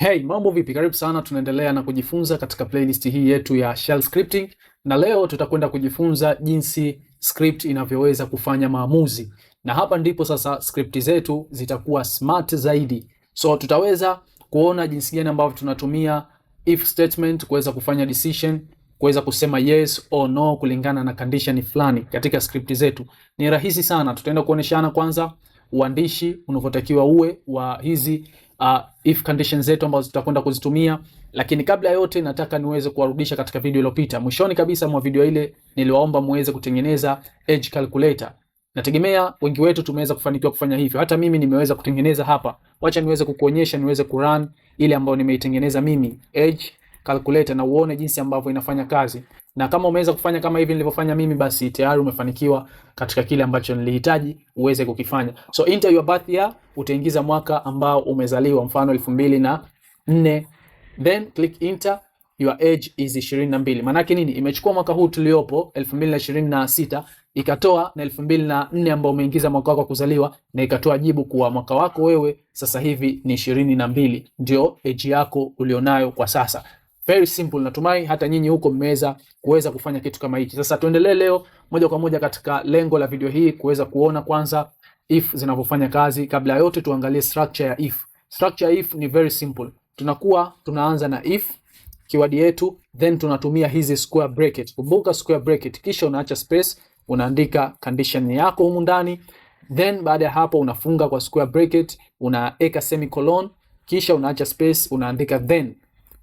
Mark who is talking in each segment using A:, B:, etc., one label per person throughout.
A: Hey, mambo vipi? Karibu sana, tunaendelea na kujifunza katika playlist hii yetu ya Shell Scripting, na leo tutakwenda kujifunza jinsi script inavyoweza kufanya maamuzi, na hapa ndipo sasa script zetu zitakuwa smart zaidi. So tutaweza kuona jinsi gani ambavyo tunatumia if statement kuweza kufanya decision, kuweza kusema yes or no kulingana na condition fulani katika script zetu. Ni rahisi sana, tutaenda kuoneshana kwanza uandishi unavyotakiwa uwe wa hizi uh, if condition zetu ambazo tutakwenda kuzitumia, lakini kabla ya yote nataka niweze kuwarudisha katika video iliyopita. Mwishoni kabisa mwa video ile niliwaomba muweze kutengeneza edge calculator. Nategemea wengi wetu tumeweza kufanikiwa kufanya hivyo. Hata mimi nimeweza kutengeneza hapa. Wacha niweze kukuonyesha, niweze kurun ile ambayo nimeitengeneza mimi edge calculator na uone jinsi ambavyo inafanya kazi, na kama umeweza kufanya kama hivi nilivyofanya mimi, basi tayari umefanikiwa katika kile ambacho nilihitaji uweze kukifanya. So enter your birth year, utaingiza mwaka ambao umezaliwa, mfano 2004. then click enter your age is 22. Maanake nini? Imechukua mwaka huu tuliopo 2026 ikatoa na 2004 ambao umeingiza mwaka wako kuzaliwa, na ikatoa jibu kuwa mwaka wako wewe sasa hivi ni 22, ndio age yako ulionayo kwa sasa. Very simple. Natumai hata nyinyi huko mmeweza kuweza kufanya kitu kama hiki. Sasa tuendelee leo moja kwa moja katika lengo la video hii kuweza kuona kwanza if zinavyofanya kazi. Kabla ya yote tuangalie structure ya if. Structure ya if ni very simple. Tunakuwa tunaanza na if keyword yetu, then tunatumia hizi square bracket. Kumbuka square bracket, kisha unaacha space, unaandika condition yako humu ndani, then baada ya hapo unafunga kwa square bracket, unaeka semicolon, kisha unaacha space, unaandika then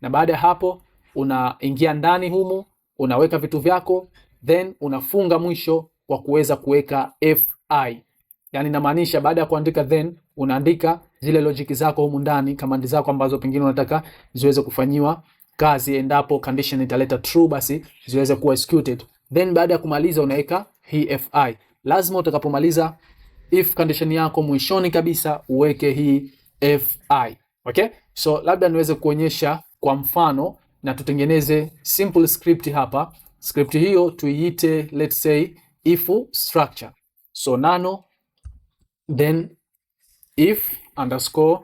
A: na baada ya hapo unaingia ndani humo, unaweka vitu vyako, then unafunga mwisho wa kuweza kuweka fi. Yani inamaanisha baada ya kuandika then unaandika zile logic zako humu ndani, kamandi zako ambazo pengine unataka ziweze kufanyiwa kazi. Endapo condition italeta true, basi ziweze kuwa executed. Then baada ya kumaliza unaweka hii fi. Lazima utakapomaliza if condition yako mwishoni kabisa uweke hii fi. Okay, so labda niweze kuonyesha kwa mfano na tutengeneze simple script hapa. Script hiyo tuiite let's say if structure, so nano then if underscore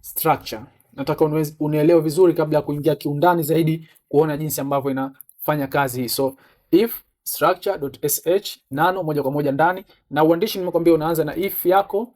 A: structure. Nataka unielewe vizuri kabla ya kuingia kiundani zaidi, kuona jinsi ambavyo inafanya kazi hii. So if structure.sh nano moja kwa moja ndani, na uandishi nimekwambia unaanza na if yako,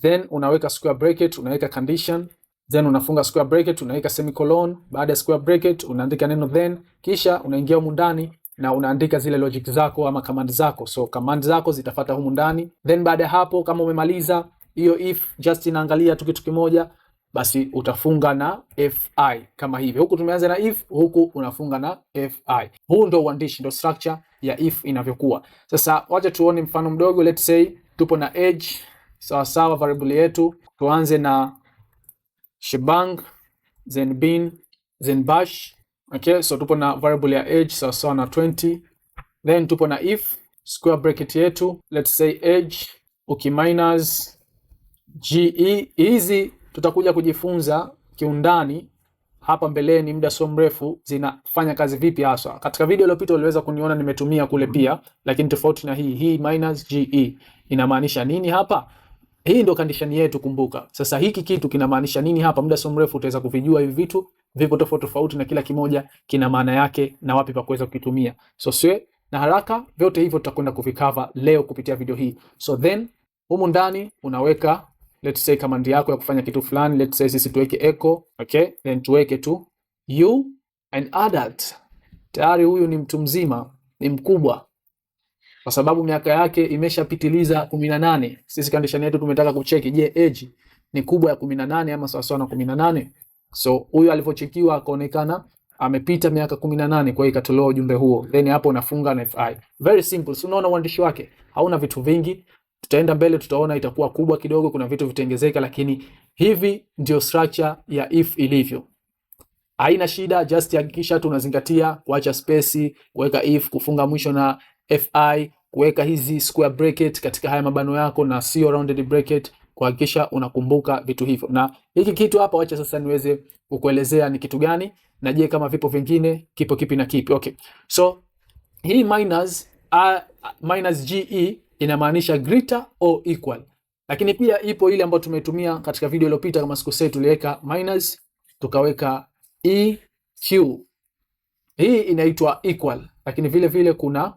A: then unaweka square bracket, unaweka condition then unafunga square bracket, unaweka semicolon. Baada ya square bracket unaandika neno then, kisha unaingia humu ndani na unaandika zile logic zako ama command zako. So command zako zitafata humu ndani, then baada ya hapo, kama umemaliza hiyo if just inaangalia tu kitu kimoja, basi utafunga na fi kama hivi. Huku tumeanza na if, huku unafunga na fi. Huu ndo uandishi, ndo structure ya if inavyokuwa. Sasa wacha tuone mfano mdogo. Let's say tupo na age sawa sawa, variable yetu tuanze na shebang, then bin, then bash. Okay, so tupo na variable ya age sawasawa na 20, then tupo na if square bracket yetu let's say age minus ge. Hizi tutakuja kujifunza kiundani hapa mbeleni, muda sio mrefu, zinafanya kazi vipi haswa. Katika video iliyopita uliweza kuniona nimetumia kule pia, lakini tofauti na hii hii minus ge inamaanisha nini hapa. Hii ndo condition yetu, kumbuka. Sasa hiki kitu kinamaanisha nini hapa? Muda sio mrefu utaweza kuvijua hivi vitu, vipo tofauti tofauti na kila kimoja kina maana yake na wapi pa kuweza kukitumia. So sio na haraka, vyote hivyo tutakwenda kuvikava leo kupitia video hii. So then humu ndani unaweka let's say command yako ya kufanya kitu fulani, let's say sisi tuweke echo, okay? Then tuweke tu you an adult. Tayari huyu ni mtu mzima, ni mkubwa kwa sababu miaka yake imeshapitiliza 18. Sisi condition yetu tumetaka kucheki, je, age ni kubwa ya 18 ama sawa sawa na 18? So huyu alivyochekiwa akaonekana amepita miaka 18, kwa hiyo ikatolewa ujumbe huo, then hapo unafunga na FI. Very simple, So unaona uandishi wake hauna vitu vingi. Tutaenda mbele, tutaona itakuwa kubwa kidogo, kuna vitu vitengezeka, lakini hivi ndio structure ya if ilivyo. Haina shida, just hakikisha tunazingatia kuacha space, kuweka if, kufunga mwisho na fi kuweka hizi square bracket katika haya mabano yako na sio rounded bracket, kuhakikisha unakumbuka vitu hivyo. Na hiki kitu hapa, wacha sasa niweze kukuelezea ni kitu gani, na je kama vipo vingine, kipo kipi na kipi? Okay, so hii minus a minus ge inamaanisha greater or equal, lakini pia ipo ile ambayo tumetumia katika video iliyopita, kama sikosei, tuliweka minus tukaweka eq, hii inaitwa equal, lakini vile vile kuna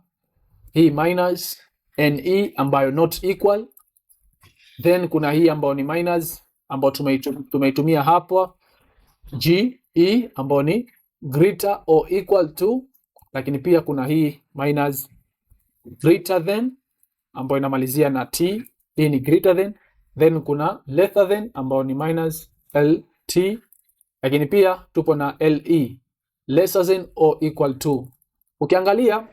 A: hii minus ne ambayo not equal, then kuna hii ambayo ni minus ambayo tumeitumia hapa g e ambayo ni greater or equal to, lakini pia kuna hii minus greater than ambayo inamalizia na t. Hii ni greater than, then kuna lesser than ambayo ni minus lt, lakini pia tupo na le lesser than or equal to. Ukiangalia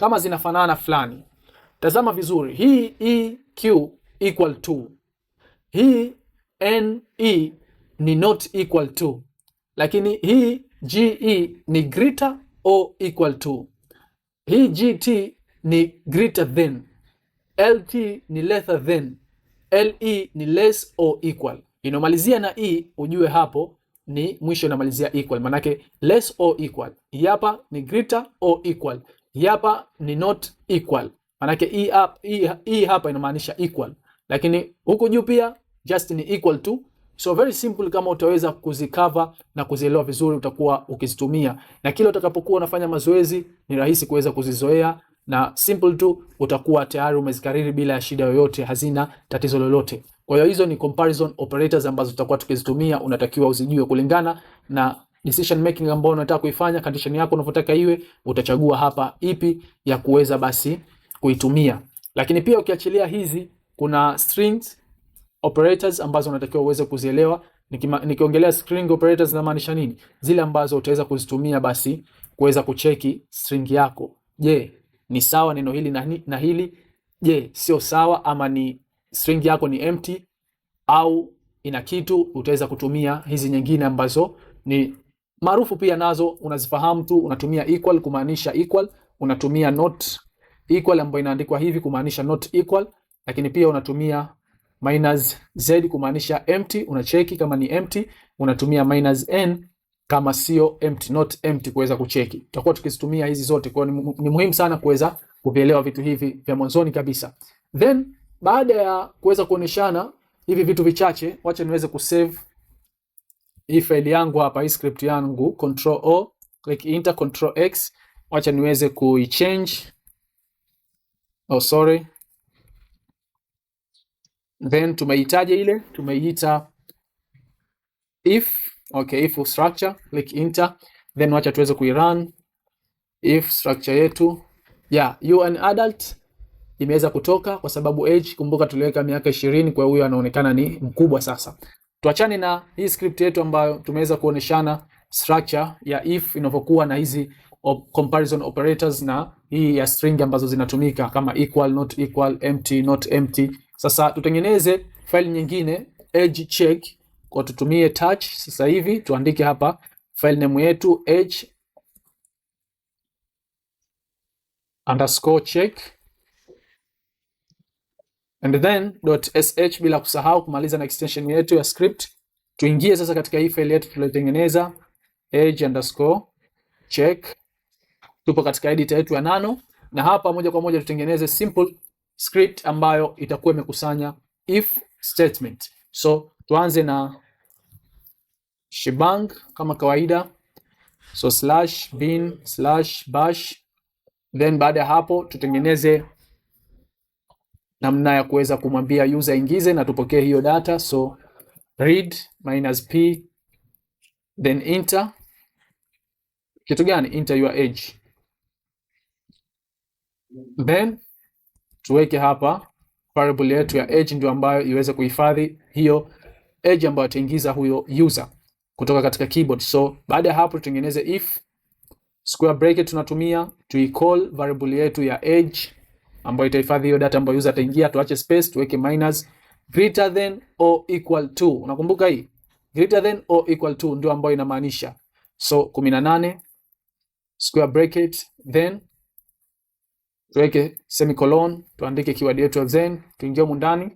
A: kama zinafanana fulani. Tazama vizuri, hii EQ equal to hii NE ni not equal to, lakini hii GE ni greater or equal to, hii GT ni greater than, LT ni lesser than, LE ni less or equal. Inamalizia na E ujue hapo ni mwisho inamalizia equal, manake less or equal. Hii hapa ni greater or equal. Hii hapa ni not equal, manake hii hapa, hii hapa inamaanisha equal, lakini huku juu pia just ni equal to. So very simple, kama utaweza kuzikava na kuzielewa vizuri utakuwa ukizitumia, na kila utakapokuwa unafanya mazoezi ni rahisi kuweza kuzizoea na simple tu utakuwa tayari umezikariri bila ya shida yoyote, hazina tatizo lolote. Kwa hiyo hizo ni comparison operators ambazo tutakuwa tukizitumia, unatakiwa uzijue kulingana na decision making ambayo unataka kuifanya, condition yako unavyotaka iwe, utachagua hapa ipi ya kuweza basi kuitumia. Lakini pia ukiachilia hizi, kuna strings operators ambazo unatakiwa uweze kuzielewa. Nikiongelea string operators namaanisha nini? Zile ambazo utaweza kuzitumia basi kuweza kucheki string yako. Je, ni sawa neno hili na, na hili? Je, sio sawa ama ni string yako ni empty au ina kitu? Utaweza kutumia hizi nyingine ambazo ni Maarufu pia nazo unazifahamu tu, unatumia equal kumaanisha equal, unatumia not equal ambayo inaandikwa hivi kumaanisha not equal, lakini pia unatumia minus z kumaanisha empty. Unacheki kama ni empty, unatumia minus n kama sio empty, not empty kuweza kucheki. Tutakuwa tukizitumia hizi zote, kwa hiyo ni muhimu sana kuweza kuvielewa vitu hivi vya mwanzoni kabisa. Then baada ya kuweza kuoneshana hivi vitu vichache, wacha niweze kusave hii faili yangu hapa, hii script yangu control o, click enter, control x. Wacha niweze kuichange. Oh, sorry. Then tumeitaja ile, tumeita if okay, if structure, click enter. Then wacha tuweze kuirun if structure yetu yeah, you an adult imeweza kutoka kwa sababu age, kumbuka tuliweka miaka 20, Kwa huyo anaonekana ni mkubwa sasa. Tuachane na hii script yetu ambayo tumeweza kuoneshana structure ya if inavyokuwa na hizi op comparison operators na hii ya string ambazo zinatumika kama equal, not equal, empty, not empty. Sasa tutengeneze faili nyingine edge check kwa tutumie touch. Sasa hivi tuandike hapa file name yetu edge underscore check and then .sh bila kusahau kumaliza na extension yetu ya script. Tuingie sasa katika hii file yetu tuliyotengeneza age underscore check. Tupo katika editor yetu ya nano, na hapa moja kwa moja tutengeneze simple script ambayo itakuwa imekusanya if statement. So tuanze na shebang kama kawaida, so slash bin slash bash, then baada ya hapo tutengeneze namna ya kuweza kumwambia user ingize na tupokee hiyo data. So read minus p then enter kitu gani? Enter your age, then tuweke hapa variable yetu ya age, ndio ambayo iweze kuhifadhi hiyo age ambayo ataingiza huyo user kutoka katika keyboard. So baada ya hapo tutengeneze if square bracket, tunatumia tuicall variable yetu ya age ambayo itahifadhi hiyo data ambayo user ataingia. Tuache space, tuweke minus greater than or equal to. Unakumbuka hii greater than or equal to ndio ambayo inamaanisha. So 18 square bracket then tuweke semicolon, tuandike keyword yetu ya then, tuingie humu ndani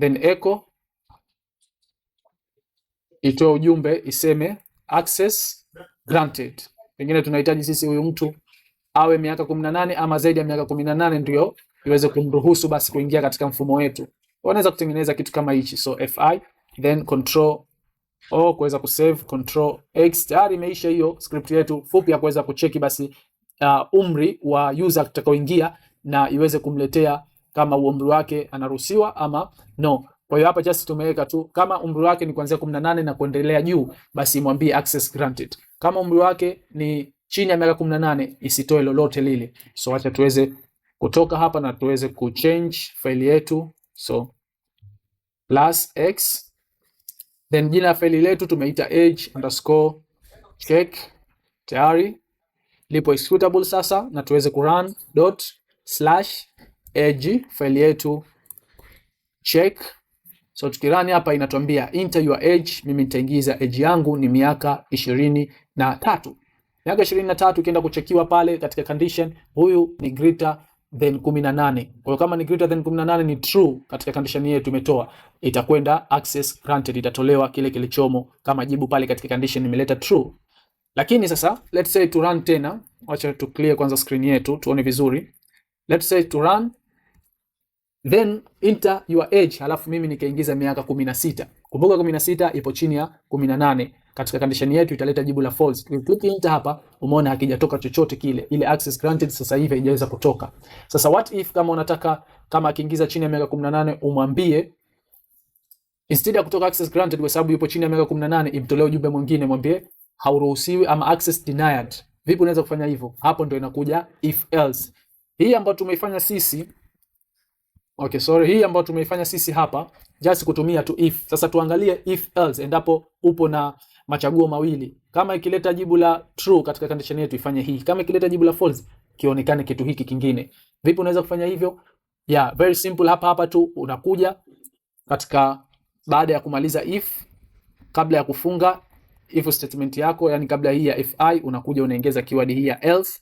A: then echo itoe ujumbe iseme access granted. Pengine tunahitaji sisi huyu mtu awe miaka 18 ama zaidi ya miaka 18 ndio iweze kumruhusu basi kuingia katika mfumo wetu. Wanaweza kutengeneza kitu kama hichi, so fi then control o kuweza kusave control x. Tayari imeisha hiyo script yetu fupi ya kuweza kucheki basi uh, umri wa user atakaoingia na iweze kumletea kama umri wake anaruhusiwa ama no. Kwa hiyo hapa just tumeweka tu kama umri wake ni kuanzia 18 na kuendelea juu, basi mwambie access granted. Kama umri wake ni chini ya miaka 18 isitoe lolote lile. So acha tuweze kutoka hapa na tuweze kuchange faili yetu, so plus x then jina ya faili letu tumeita age underscore check, tayari lipo executable sasa, na tuweze kurun dot slash age faili yetu check. So tukirani hapa inatuambia enter your age, mimi nitaingiza age yangu ni miaka ishirini na tatu miaka ishirini na tatu ikienda kuchekiwa pale katika condition, huyu ni greater than 18. Kwa hiyo kama ni greater than 18 ni true katika condition yetu tumetoa, itakwenda access granted, itatolewa kile kilichomo kama jibu pale katika condition true. Lakini sasa let's say to run tena, tu clear kwanza screen yetu tuone vizuri. Let's say to run then enter your age, halafu mimi nikaingiza miaka 16. Kumbuka 16 ipo chini ya 18 katika condition yetu italeta jibu la false. Ni Click enter hapa, umeona hakijatoka chochote kile, ile access granted sasa hivi haijaweza kutoka. Sasa what if kama unataka kama akiingiza chini ya miaka 18 umwambie instead ya kutoka access granted, kwa sababu yupo chini ya miaka 18, imtolee ujumbe mwingine, mwambie hauruhusiwi ama access denied. Vipi unaweza kufanya hivyo? Hapo ndio inakuja if else hii ambayo tumeifanya sisi Okay, sorry, hii ambayo tumeifanya sisi hapa just kutumia tu if. Sasa tuangalie if else endapo upo na machaguo mawili. Kama ikileta jibu la true katika condition yetu ifanye hii, kama ikileta jibu la false kionekane kitu hiki kingine. Vipi unaweza kufanya hivyo? Yeah, very simple. Hapa hapa tu unakuja katika baada ya kumaliza if, kabla ya kufunga if statement yako, yani kabla hii ya if i unakuja unaongeza keyword hii ya else,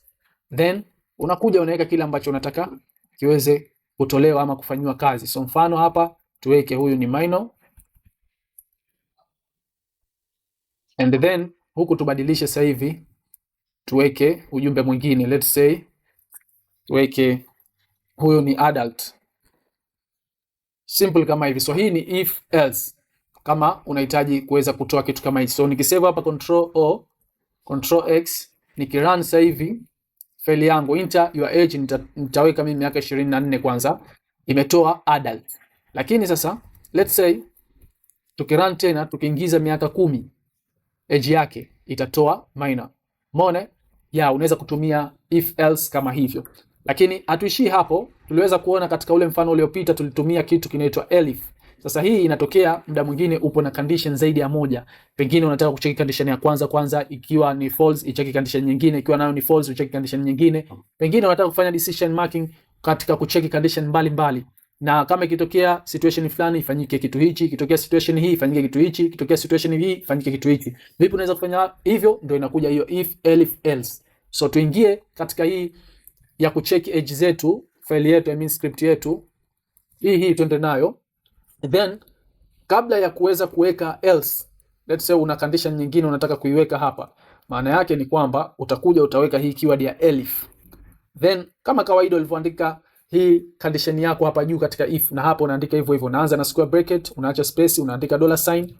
A: then unakuja unaweka kile ambacho unataka kiweze kutolewa ama kufanywa kazi. So mfano hapa tuweke huyu ni minor And then huku tubadilishe sasa hivi tuweke ujumbe mwingine, let's say tuweke huyu ni adult, simple kama hivi. So hii ni if else, kama unahitaji kuweza kutoa kitu kama hicho. So nikisave hapa control o control x, nikirun sasa hivi faili yangu enter your age, nitaweka mimi miaka 24 kwanza, imetoa adult. Lakini sasa let's say tukirun tena tukiingiza miaka kumi edge yake itatoa minor. Umeona? Ya, unaweza kutumia if else kama hivyo. Lakini hatuishii hapo. Tuliweza kuona katika ule mfano uliopita tulitumia kitu kinaitwa elif. Sasa hii inatokea muda mwingine upo na condition zaidi ya moja. Pengine unataka kucheki condition ya kwanza kwanza, ikiwa ni false icheki condition nyingine, ikiwa nayo ni false ucheki condition nyingine. Pengine unataka kufanya decision making katika kucheki condition mbalimbali. mbali na kama ikitokea situation fulani ifanyike kitu hichi, ikitokea situation hii ifanyike kitu hichi, ikitokea situation hii ifanyike kitu hichi. Vipi unaweza kufanya hivyo? Ndio inakuja hiyo if elif else. So tuingie katika hii ya kucheck edge zetu, file yetu, I mean script yetu hii hii, twende nayo then, kabla ya kuweza kuweka else, let's say una condition nyingine unataka kuiweka hapa, maana yake ni kwamba utakuja utaweka hii keyword ya elif, then kama kawaida ulivyoandika hii condition yako hapa juu katika if, na hapo unaandika hivyo hivyo, unaanza na square bracket, unaacha space, unaandika dollar sign,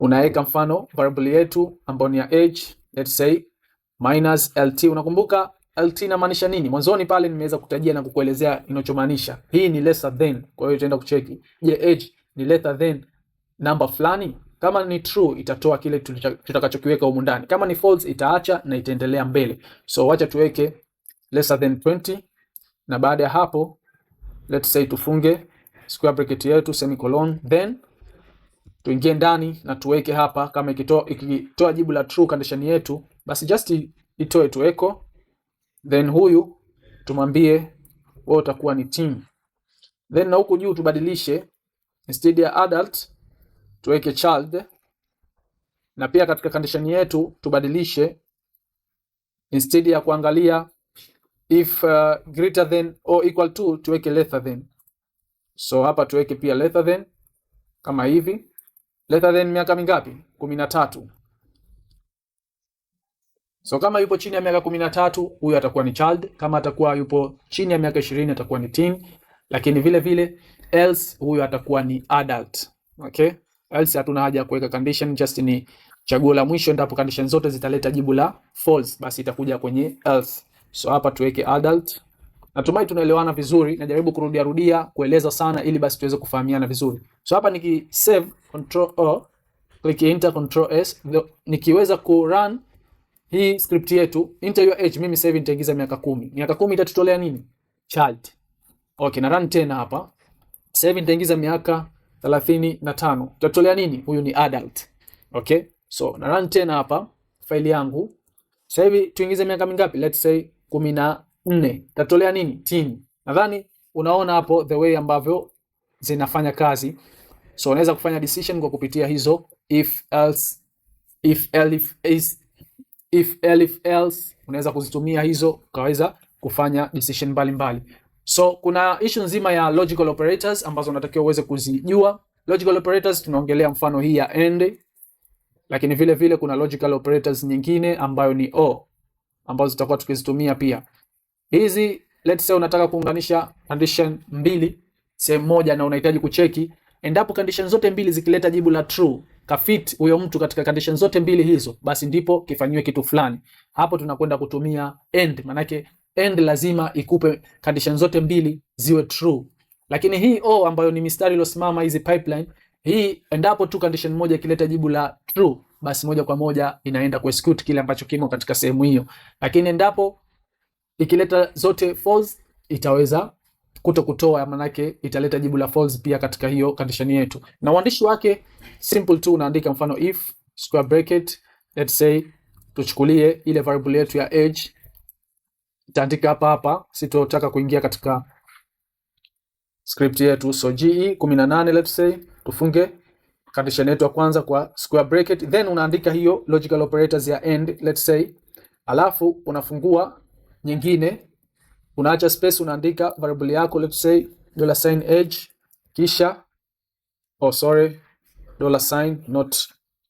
A: unaweka mfano variable yetu ambayo ni ya age, let's say minus lt. Unakumbuka lt inamaanisha nini? Mwanzoni pale nimeweza kutajia na kukuelezea inachomaanisha. Hii ni lesser than, kwa hiyo itaenda kucheki, je, age ni lesser than namba fulani? Kama ni true itatoa kile tutakachokiweka humu ndani, kama ni false itaacha na itaendelea mbele. So wacha tuweke lesser than 20 na baada ya hapo let's say tufunge square bracket yetu semicolon, then tuingie ndani na tuweke hapa, kama ikitoa ikitoa jibu la true condition yetu, basi just itoe tu echo, then huyu tumwambie wewe utakuwa ni teen, then na huku juu tubadilishe, instead ya adult tuweke child, na pia katika condition yetu tubadilishe, instead ya kuangalia if uh, greater than or equal to tuweke lesser than. So hapa tuweke pia lesser than kama hivi. Lesser than miaka mingapi? kumi na tatu. So kama yupo chini ya miaka kumi na tatu huyu atakuwa ni child. Kama atakuwa yupo chini ya miaka ishirini atakuwa ni teen, lakini vile vile else huyu atakuwa ni adult. Okay, else hatuna haja ya kuweka condition, just ni chaguo la mwisho, ndipo condition zote zitaleta jibu la false, basi itakuja kwenye else. So hapa tuweke adult. Natumai tunaelewana vizuri, najaribu kurudia rudia kueleza sana ili basi tuweze kufahamiana vizuri. So hapa niki save control o, click enter control s, the, nikiweza ku run hii script yetu enter your age. Mimi sasa hivi nitaingiza miaka kumi. Miaka kumi itatutolea nini? Child. Okay, na run tena hapa. Sasa hivi nitaingiza miaka 35. Itatutolea nini? Huyu ni adult. Okay? So na run tena hapa faili yangu. Sasa hivi tuingize miaka mingapi? Let's say kumi na nne tatolea nini tin. Nadhani unaona hapo the way ambavyo zinafanya kazi, so unaweza kufanya decision kwa kupitia hizo if else, if elif, is, if elif, else. Unaweza kuzitumia hizo ukaweza kufanya decision mbalimbali mbali. So kuna issue nzima ya logical operators ambazo unatakiwa uweze kuzijua. Logical operators tunaongelea mfano hii ya and, lakini vile vile kuna logical operators nyingine ambayo ni or ambazo tutakuwa tukizitumia pia. Hizi let's say unataka kuunganisha condition mbili sehemu moja na unahitaji kucheki endapo condition zote mbili zikileta jibu la true, kafit huyo mtu katika condition zote mbili hizo, basi ndipo kifanywe kitu fulani. Hapo tunakwenda kutumia and, manake and lazima ikupe condition zote mbili ziwe true. Lakini hii o ambayo ni mistari iliyosimama, hizi pipeline hii, endapo tu condition moja ikileta jibu la true basi moja kwa moja inaenda kuexecute kile ambacho kimo katika sehemu hiyo, lakini endapo ikileta zote false itaweza kuto kutoa, manake italeta jibu la false pia katika hiyo condition yetu. Na uandishi wake simple tu, unaandika mfano if square bracket, let's say tuchukulie ile variable yetu ya age, itaandika hapa hapa, sitotaka kuingia katika script yetu, so ge 18 let's say tufunge condition yetu ya kwanza kwa square bracket, then unaandika hiyo logical operators ya and let's say, alafu unafungua nyingine, unaacha space, unaandika variable yako let's say dollar sign age, kisha oh sorry, dollar sign not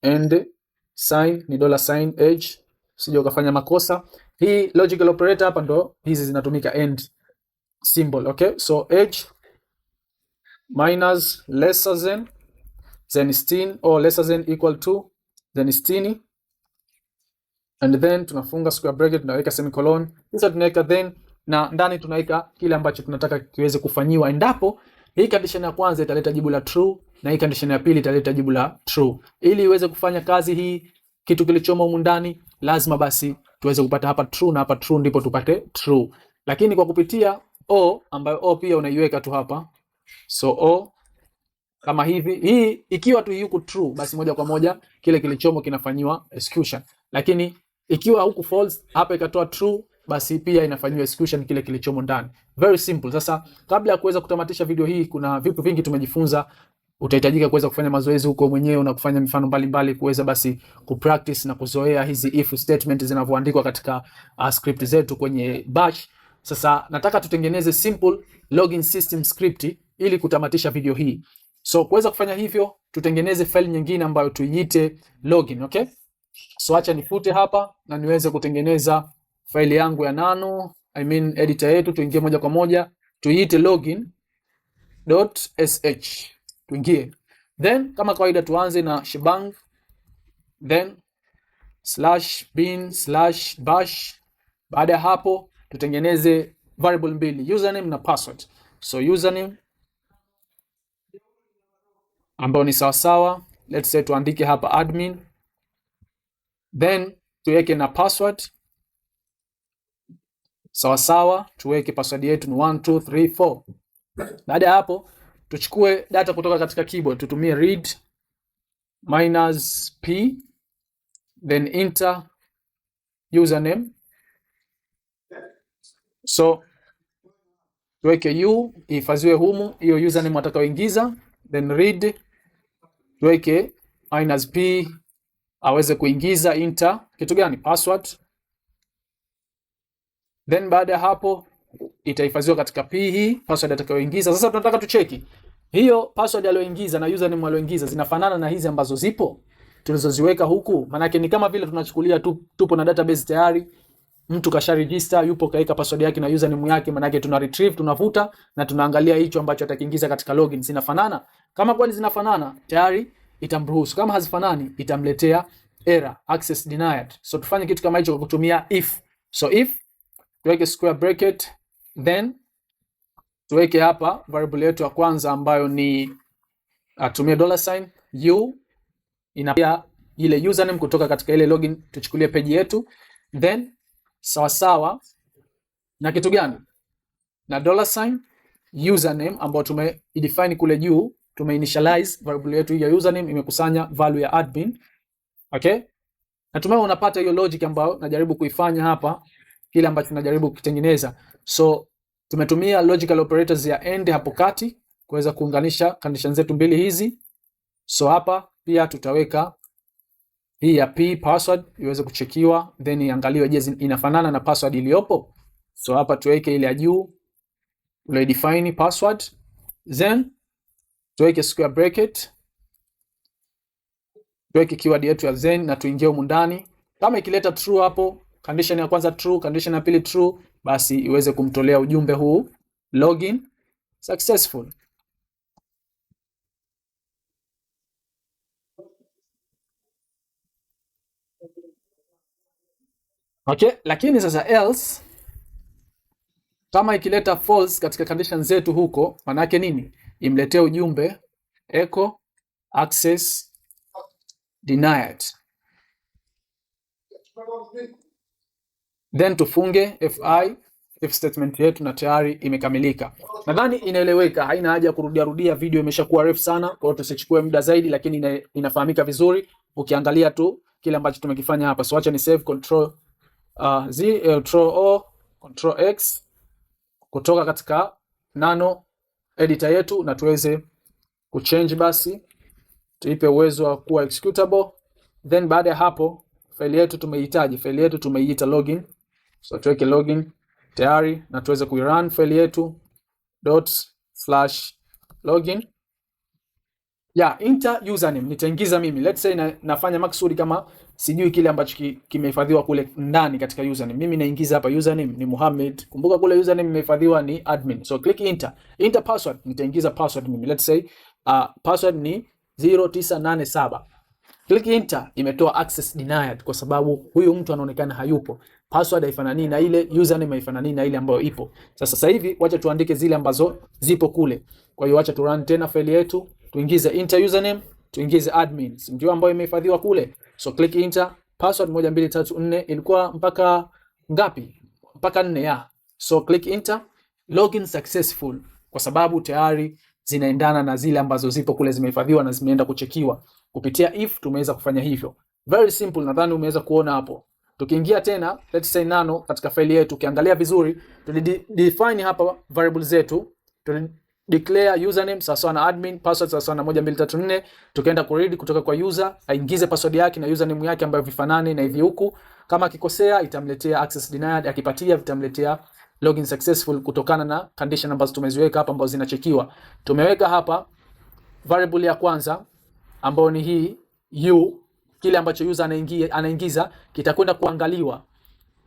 A: and sign ni dollar sign age, sije ukafanya makosa. Hii logical operator hapa ndo hizi zinatumika and symbol, okay, so age minus lesser than then 60 or lesser than equal to then 60 and then tunafunga square bracket, tunaweka semicolon, kisha tunaweka then na ndani tunaweka kile ambacho tunataka kiweze kufanyiwa. Endapo hii condition ya kwanza italeta jibu la true na hii condition ya pili italeta jibu la true, ili iweze kufanya kazi hii kitu kilichomo humu ndani, lazima basi tuweze kupata hapa true na hapa true, ndipo tupate true. Lakini kwa kupitia o ambayo o pia unaiweka tu hapa, so o kama hivi. Hii ikiwa tu yuko true, basi moja kwa moja kile kilichomo kinafanyiwa execution, lakini ikiwa huku false, hapa ikatoa true basi pia inafanyiwa execution kile kilichomo ndani. Very simple. Sasa kabla ya kuweza kutamatisha video hii, kuna vitu vingi tumejifunza. Utahitajika kuweza kufanya mazoezi huko mwenyewe na kufanya mifano mbalimbali kuweza basi kupractice na kuzoea hizi if statement zinavyoandikwa katika uh, script zetu kwenye bash. Sasa nataka tutengeneze simple login system script ili kutamatisha video hii. So kuweza kufanya hivyo, tutengeneze file nyingine ambayo tuiite login, okay? So acha nifute hapa na niweze kutengeneza faili yangu ya nano, I mean editor yetu, tuingie moja kwa moja, tuiite login.sh. Tuingie. Then kama kawaida tuanze na shebang then slash bin slash bash. Baada ya hapo tutengeneze variable mbili, username na password. So username ambayo ni sawasawa, let's say tuandike hapa admin, then tuweke na password sawasawa, tuweke password yetu ni 1234. Baada ya hapo tuchukue data kutoka katika keyboard, tutumie read minus p then enter username, so tuweke u ihifadhiwe humu, hiyo username watakaoingiza, then read tuweke minus p aweze kuingiza enter kitu gani? Password. Then baada ya hapo itahifadhiwa katika p hii password atakayoingiza. Sasa tunataka tucheki hiyo password aliyoingiza na username aliyoingiza zinafanana na hizi ambazo zipo tulizoziweka huku, maanake ni kama vile tunachukulia tu, tupo na database tayari mtu kasha register, yupo kaweka password yake na username yake, maana yake tuna retrieve, tunavuta na tunaangalia hicho ambacho atakiingiza katika login zinafanana. Kama kweli zinafanana tayari itamruhusu, kama hazifanani itamletea error access denied. So tufanye kitu kama hicho kwa kutumia if. So if tuweke square bracket, then tuweke hapa variable yetu ya kwanza ambayo ni atumie uh, dollar sign u inapia ile username kutoka katika ile login, tuchukulie page yetu then sawasawa na kitu gani? Na dollar sign username ambao tumeidefine kule juu, tumeinitialize variable yetu ya username, imekusanya value ya admin. Okay, Na tumeona unapata hiyo logic ambayo najaribu kuifanya hapa, kile ambacho tunajaribu kutengeneza. So tumetumia logical operators ya and hapo kati kuweza kuunganisha condition zetu mbili hizi. So hapa pia tutaweka hii ya p password iweze kuchekiwa, then iangaliwe, je, inafanana na password iliyopo. So hapa tuweke ile ya juu ule define password, then tuweke square bracket, tuweke keyword yetu ya then na tuingie humu ndani. Kama ikileta true hapo, condition ya kwanza true, condition ya pili true, basi iweze kumtolea ujumbe huu login successful. Okay, lakini sasa else kama ikileta false katika condition zetu huko, maana nini? Imletee ujumbe echo access denied, then tufunge fi if statement yetu na tayari imekamilika. Nadhani inaeleweka, haina haja ya kurudia rudia, video imeshakuwa refu sana, kwa hiyo tusichukue muda zaidi, lakini inafahamika vizuri ukiangalia tu kile ambacho tumekifanya hapa. So acha ni save control uh, Z, eh, Control O, Control X kutoka katika nano editor yetu na tuweze kuchange basi, tuipe uwezo wa kuwa executable. Then baada ya hapo faili yetu tumehitaji, faili yetu tumeiita login, so tuweke login tayari na tuweze kuirun faili yetu dot slash login ya inter username nitaingiza mimi let's say na, nafanya maksudi kama sijui kile ambacho kimehifadhiwa kule ndani katika username. Mimi naingiza hapa username ni Muhammad. Kumbuka kule username imehifadhiwa ni admin, so click enter. Enter password nitaingiza password mimi let's say uh, password ni 0987 click enter, imetoa access denied kwa sababu huyu mtu anaonekana hayupo. Password haifanani na ile, username haifanani na ile ambayo ipo sasa. Sasa hivi wacha tuandike zile ambazo zipo kule. Kwa hiyo wacha tu run tena file yetu tuingize enter username, tuingize admin, ndio ambayo imehifadhiwa kule. So click enter, password 1234 ilikuwa mpaka ngapi? Mpaka 4 ya. So click enter, login successful, kwa sababu tayari zinaendana na zile ambazo zipo kule zimehifadhiwa na zimeenda kuchekiwa kupitia if. Tumeweza kufanya hivyo, very simple. Nadhani umeweza kuona hapo. Tukiingia tena let's say nano katika faili yetu, ukiangalia vizuri, tuli define hapa variable zetu declare username sawa sawa na admin, password sawa sawa na 1234. Tukaenda ku read kutoka kwa user, aingize password yake na username yake ambayo vifanane na hivi huku. Kama akikosea itamletea access denied, akipatia vitamletea login successful, kutokana na condition ambazo tumeziweka hapa ambazo zinachekiwa. Tumeweka hapa variable ya kwanza ambayo ni hii u, kile ambacho user anaingia anaingiza kitakwenda kuangaliwa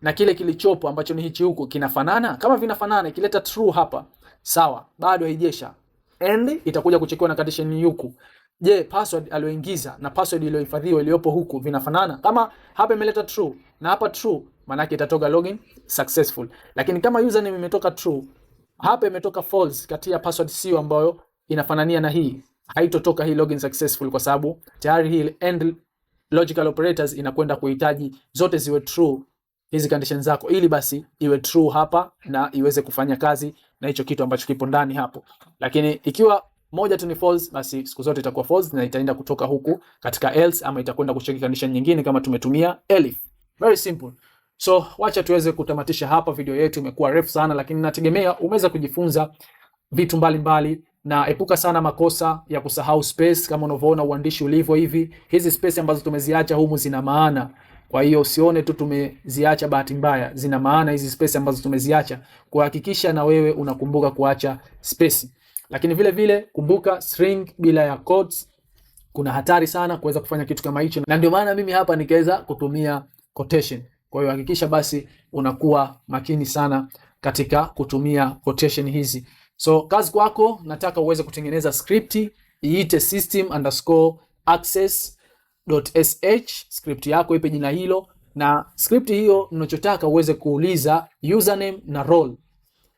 A: na kile kilichopo ambacho ni hichi huku kinafanana. Kama vinafanana, ikileta true hapa sawa, bado haijesha and itakuja kuchekiwa na condition yuku. Je, password aliyoingiza na password iliyohifadhiwa iliyopo huku vinafanana? Kama hapa imeleta true na hapa true, maana yake itatoka login successful. Lakini kama username imetoka true, hapa imetoka false, kati ya password sio ambayo inafanania na hii, haitotoka hii login successful, kwa sababu tayari hii and logical operators inakwenda kuhitaji zote ziwe true hizi condition zako, ili basi iwe true hapa na iweze kufanya kazi na hicho kitu ambacho kipo ndani hapo. Lakini ikiwa moja tu ni false, basi siku zote itakuwa false na itaenda kutoka huku katika else, ama itakwenda kucheki condition nyingine kama tumetumia elif. Very simple. So wacha tuweze kutamatisha hapa, video yetu imekuwa refu sana, lakini nategemea umeweza kujifunza vitu mbalimbali mbali, na epuka sana makosa ya kusahau space. Kama unavyoona uandishi ulivyo hivi, hizi space ambazo tumeziacha humu zina maana. Kwa hiyo usione tu tumeziacha bahati mbaya, zina maana hizi space ambazo tumeziacha. Kuhakikisha na wewe unakumbuka kuacha space, lakini vile vile kumbuka string bila ya quotes kuna hatari sana kuweza kufanya kitu kama hicho, na ndio maana mimi hapa nikaweza kutumia quotation. Kwa hiyo hakikisha basi unakuwa makini sana katika kutumia quotation hizi. So kazi kwako, nataka uweze kutengeneza script iite system_access .sh script yako ipe jina hilo, na script hiyo mnachotaka uweze kuuliza username na role.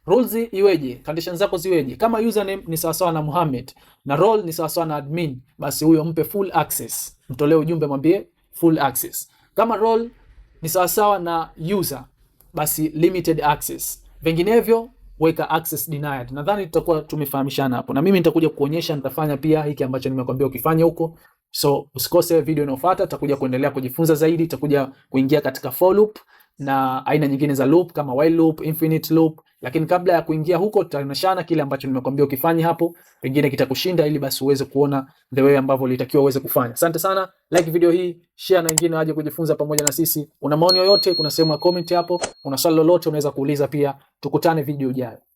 A: Roles iweje? Conditions zako ziweje? Kama username ni sawasawa na Muhammad na role ni sawasawa na admin, basi huyo mpe full access, mtolee ujumbe mwambie full access. Kama role ni sawasawa na user, basi limited access, vinginevyo weka access denied. Nadhani tutakuwa tumefahamishana hapo, na mimi nitakuja kuonyesha, nitafanya pia hiki ambacho nimekuambia ukifanya huko. So usikose video inayofuata, tutakuja kuendelea kujifunza zaidi, tutakuja kuingia katika for loop na aina nyingine za loop kama while loop, infinite loop, lakini kabla ya kuingia huko tutaoneshana kile ambacho nimekuambia ukifanye hapo, pengine kitakushinda ili basi uweze kuona the way ambavyo ulitakiwa uweze kufanya. Asante sana, like video hii, share na wengine waje kujifunza pamoja na sisi. Una maoni yoyote, kuna sehemu ya comment hapo, una swali lolote unaweza kuuliza pia. Tukutane video ijayo.